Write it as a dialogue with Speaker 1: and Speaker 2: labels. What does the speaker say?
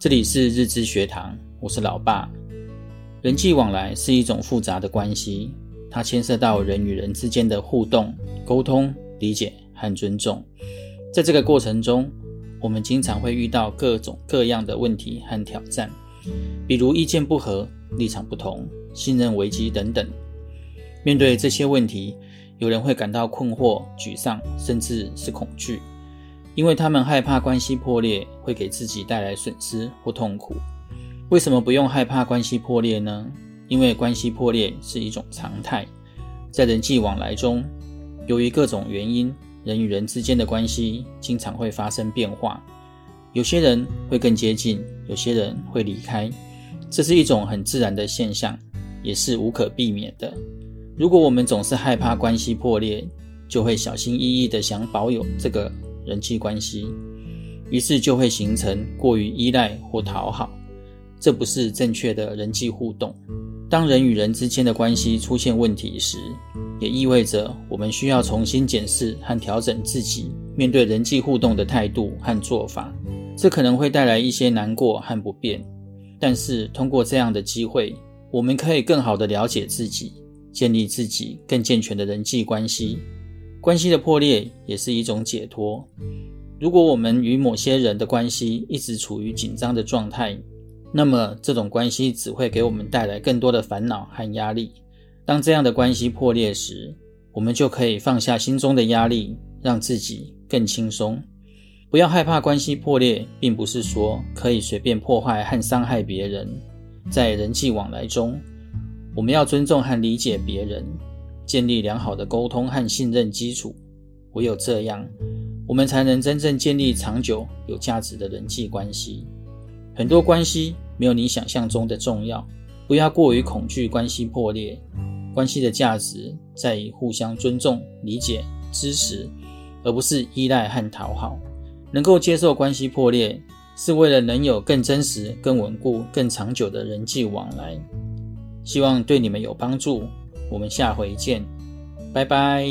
Speaker 1: 這裡是日知學堂，我是老爸。人際往來是一種複雜的關係，它牽涉到人與人之間的互動、溝通、理解和尊重。在這個過程中，我們經常會遇到各種各樣的問題和挑戰，比如意見不合、立場不同、信任危機等等。面對這些問題，有人會感到困惑、沮喪，甚至是恐懼。因為他們害怕關係破裂會給自己帶來損失或痛苦。為什麼不用害怕關係破裂呢？因為關係破裂是一種常態，在人際往來中，由於各種原因，人與人之間的關係經常會發生變化。有些人會更接近，有些人會離開，這是一種很自然的現象，也是無可避免的。如果我們總是害怕關係破裂，就會小心翼翼地想保有這個。人際關係，於是就會形成過於依賴或討好，這不是正確的人際互動。當人與人之間的關係出現問題時，也意味着我們需要重新檢視和調整自己面對人際互動的態度和做法。這可能會帶來一些難過和不便，但是通過這樣的機會，我們可以更好地了解自己，建立自己更健全的人際關係。關係的破裂也是一種解脫。如果我們與某些人的關係一直處於緊張的狀態，那麼這種關係只會給我們帶來更多的煩惱和壓力。當這樣的關係破裂時，我們就可以放下心中的壓力，讓自己更輕鬆。不要害怕關係破裂，並不是說可以隨便破壞和傷害別人。在人際往來中，我們要尊重和理解別人。建立良好的溝通和信任基礎，唯有這樣，我們才能真正建立長久有價值的人際關係。很多關係沒有你想象中的重要，不要過於恐懼關係破裂。關係的價值在於互相尊重、理解、支持，而不是依賴和討好。能夠接受關係破裂，是為了能有更真實、更穩固、更長久的人際往來。希望對你們有幫助。我們下回見，拜拜。